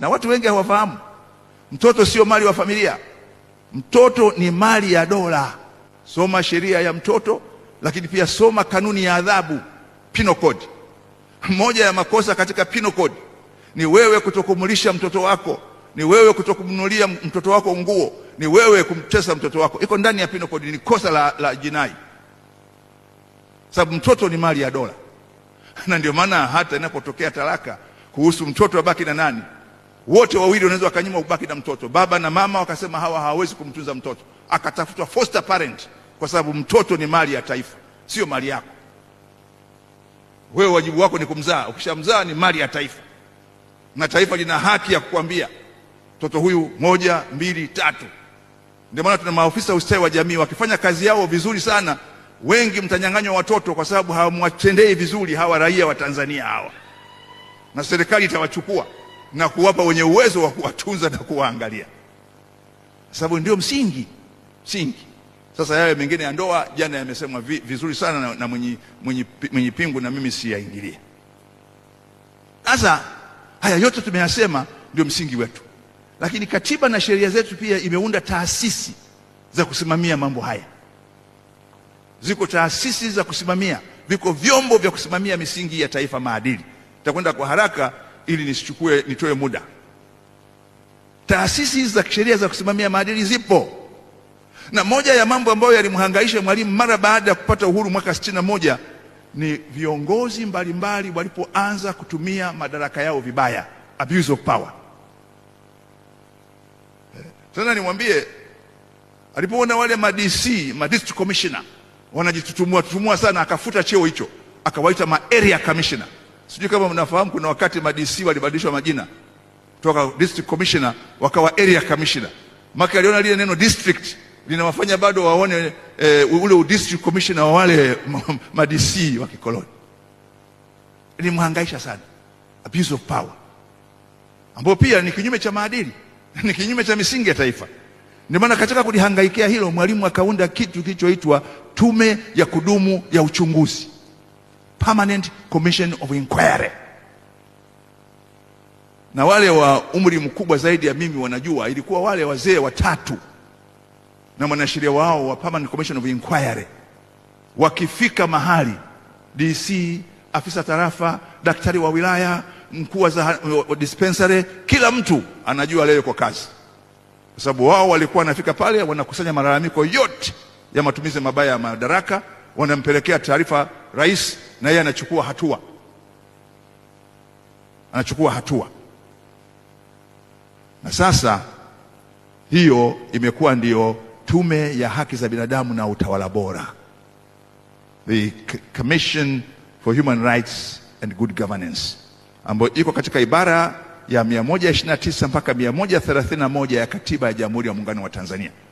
na watu wengi hawafahamu. Mtoto sio mali wa familia, mtoto ni mali ya dola. Soma sheria ya mtoto, lakini pia soma kanuni ya adhabu penal code. Moja ya makosa katika penal code ni wewe kutokumulisha mtoto wako, ni wewe kutokumnulia mtoto wako nguo, ni wewe kumtesa mtoto wako, iko ndani ya penal code, ni kosa la, la jinai, sababu mtoto ni mali ya dola. Na ndio maana hata inapotokea talaka kuhusu mtoto abaki na nani? wote wawili wanaweza wakanyima ubaki na mtoto, baba na mama wakasema hawa hawawezi kumtunza mtoto, akatafutwa foster parent, kwa sababu mtoto ni mali ya taifa, sio mali yako wewe. Wajibu wako ni kumzaa, ukishamzaa ni mali ya taifa, na taifa lina haki ya kukwambia mtoto huyu moja, mbili, tatu. Ndio maana tuna maofisa ustawi wa jamii, wakifanya kazi yao vizuri sana, wengi mtanyang'anywa watoto, kwa sababu hawamwatendei vizuri hawa raia wa Tanzania hawa, na serikali itawachukua na kuwapa wenye uwezo wa kuwatunza na kuwaangalia, sababu ndio msingi msingi. Sasa yale mengine ya ndoa jana yamesemwa vizuri sana na, na mwenye, mwenye, mwenye pingu na mimi siyaingilie. Sasa haya yote tumeyasema, ndio msingi wetu, lakini katiba na sheria zetu pia imeunda taasisi za kusimamia mambo haya. Ziko taasisi za kusimamia, viko vyombo vya kusimamia misingi ya taifa, maadili. Takwenda kwa haraka ili nisichukue nitoe muda. Taasisi za kisheria za kusimamia maadili zipo, na moja ya mambo ambayo yalimhangaisha Mwalimu mara baada ya kupata uhuru mwaka sitini na moja ni viongozi mbalimbali walipoanza kutumia madaraka yao vibaya, abuse of power. Tena nimwambie alipoona wale ma DC ma district commissioner wanajitutumua tutumua sana, akafuta cheo hicho akawaita ma area commissioner. Sijui kama mnafahamu kuna wakati madisi walibadilishwa majina kutoka district commissioner wakawa area commissioner. Maka aliona lile neno district linawafanya bado waone e, ule district commissioner wa wale madisi wa kikoloni. Ilimhangaisha sana, abuse of power, ambayo pia ni kinyume cha maadili ni kinyume cha misingi ya taifa. Ndio maana katika kulihangaikia hilo, Mwalimu akaunda kitu kilichoitwa Tume ya Kudumu ya Uchunguzi permanent commission of inquiry. Na wale wa umri mkubwa zaidi ya mimi wanajua, ilikuwa wale wazee watatu na mwanasheria wao wa permanent commission of inquiry wakifika mahali, DC, afisa tarafa, daktari wa wilaya, mkuu wa dispensary, kila mtu anajua leo kwa kazi, kwa sababu wao walikuwa wanafika pale wanakusanya malalamiko yote ya matumizi mabaya ya madaraka, wanampelekea taarifa rais na yeye anachukua hatua, anachukua hatua. Na sasa hiyo imekuwa ndiyo Tume ya Haki za Binadamu na Utawala Bora, the Commission for Human Rights and Good Governance, ambayo iko katika ibara ya 129 mpaka 131 ya Katiba ya Jamhuri ya Muungano wa Tanzania.